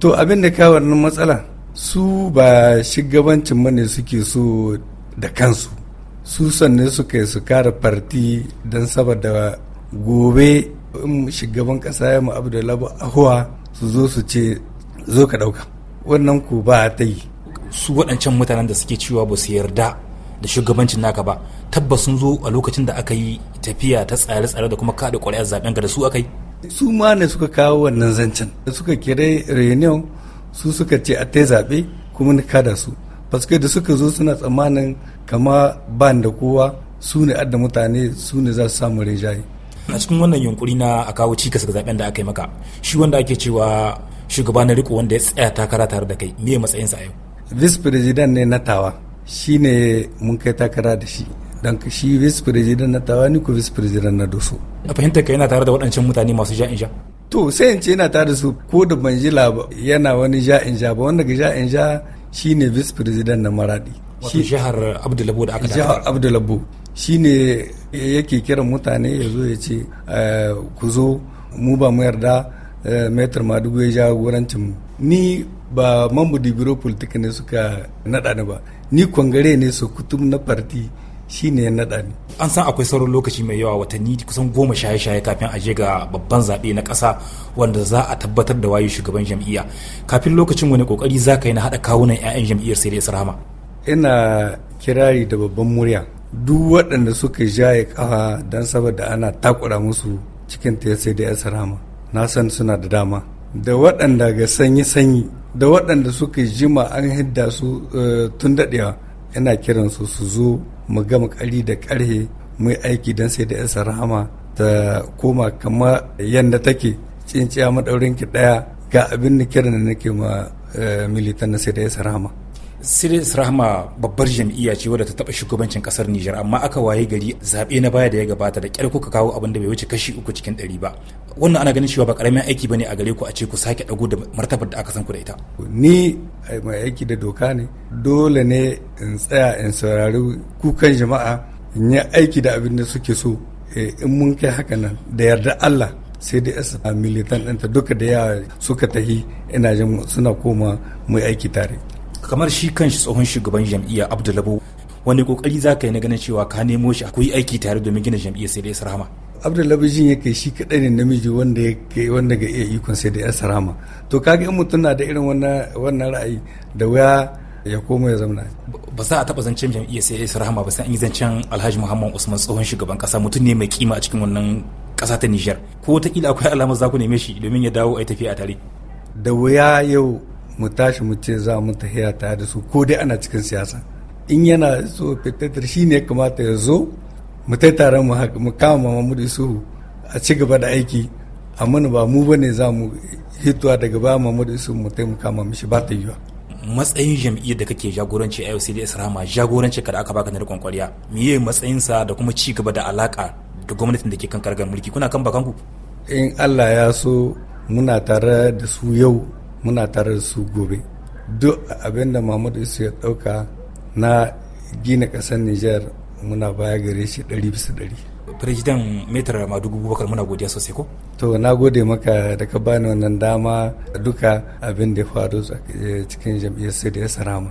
to abin da ka wannan matsala su ba shigabancin bane suke so da kansu su sanne suka yi su kara farti don saboda gobe shugaban kasa ya mu abdullahi ahuwa su zo su ce zo ka ɗauka wannan ku ba ta yi su waɗancan mutanen da suke cewa ba su yarda da shugabancin naka ba tabbas sun zo a lokacin da aka yi tafiya ta tsare-tsare da kuma kaɗa ƙuri'ar zaben ga da su aka yi su ma ne suka kawo wannan zancen da suka kira reunion su suka ce a ta zaɓe kuma ni kada su paske da suka zo suna tsammanin kama ban da kowa su ne adda mutane su ne za su samu rejaye a cikin wannan yunkuri na a kawo cikas ga zaben da aka yi maka shi wanda ake cewa shugaba na riko wanda ya tsaya takara tare da kai me matsayinsa a yau vice president ne na tawa shi ne mun kai takara da shi dan shi vice president na tawa ko vice president na doso a fahimta ka yana tare da waɗancan mutane masu ja ja to sai in ce yana tare da su ko da ban jila yana wani ja in ja ba wanda ga ja in ja ne vice president na maradi shi jihar abdulabo da aka jihar abdulabo ne yake kiran mutane ya zo ya ce eh, ku zo mu ba mu yarda eh, metar madugu ya jagorancin mu ni ba mambu dibiro politika ne suka naɗa ni ba ni kwangare ne su kutum na farti shi ne ya naɗa ne An san akwai sauran lokaci mai yawa watanni kusan goma shaye-shaye kafin a je ga babban zaɓe na ƙasa wanda za a tabbatar da wayo shugaban jam'iyya. Kafin lokacin wani ƙoƙari za ka yi na haɗa kawunan 'ya'yan jam'iyyar sai dai sarama. Ina kirari da babban murya duk waɗanda suka jaye ƙafa don saboda ana takura musu cikin ta sai dai sarama. Na san suna da dama. Da waɗanda ga sanyi-sanyi da waɗanda suka jima an hidda su eh, tun daɗewa ina kiransu su zo mu gama kari da karhe mu aiki don sai da yasa rahama ta koma kama yadda take tsinciya madaurin ki ɗaya ga abin da kiran da nake ma eh, militan na sai da yasa rahama sai rahama babbar jam'iyya ce wadda ta taɓa shugabancin ƙasar Nijar amma aka waye gari zaɓe na baya da ya gabata da kyar kuka kawo abin da bai wuce kashi uku cikin ɗari ba wannan ana ganin cewa ba karamin aiki bane a gare ku a ce ku sake dago da martabar da aka san ku da ita ni mai aiki da doka ne dole ne in tsaya in saurari kukan jama'a in yi aiki da abin da suke so eh, in mun kai haka nan da yarda Allah sai da yasa militan ɗinta duka da yawa suka tahi ina jin suna koma mai aiki tare kamar shi kanshi tsohon shugaban jam'iyya abdullabo wani kokari za ka yi na ganin cewa ka nemo shi akwai aiki tare domin gina jam'iyyar sai da ya abdullabijin ya kai shi kadai ne namiji wanda ya kai wanda ga iya ikon sai da ya sarama to kaga in mutum na da irin wannan ra'ayi da waya ya koma ya zamana ba za a taba zancen jam'iyyar sai ya sarama ba sai an yi zancen alhaji muhammad usman tsohon shugaban kasa mutum ne mai kima a cikin wannan kasa ta nijar ko wataƙila akwai alamar za ku neme shi domin ya dawo a yi tafiya tare da wuya yau mu tashi mu ce za mu tafiya tare da su ko dai ana cikin siyasa in yana so fitatar shi ne kamata ya zo mu tai taron mu kama Muhammadu Isuhu a ci gaba da aiki amma ba mu bane za mu hituwa daga ba Muhammadu Isuhu mu tai mu kama mishi ba ta yiwa matsayin jam'iyyar da kake jagoranci a da Isra'ama jagoranci da aka baka na rikon kwariya matsayin matsayinsa da kuma ci gaba da alaka da gwamnatin da ke kan kargar mulki kuna kan bakanku in Allah ya so muna tare da su yau muna tare da su gobe duk abinda Muhammadu Isu ya dauka na gina kasar Nijar muna baya gare shi ɗari bisa ɗari. Firjidan Metar Madugu Bubakar muna godiya sosai ko? To na gode maka da ka bani wannan dama duka abin da ya faru eh, cikin jam'iyyar sai da ya sarama.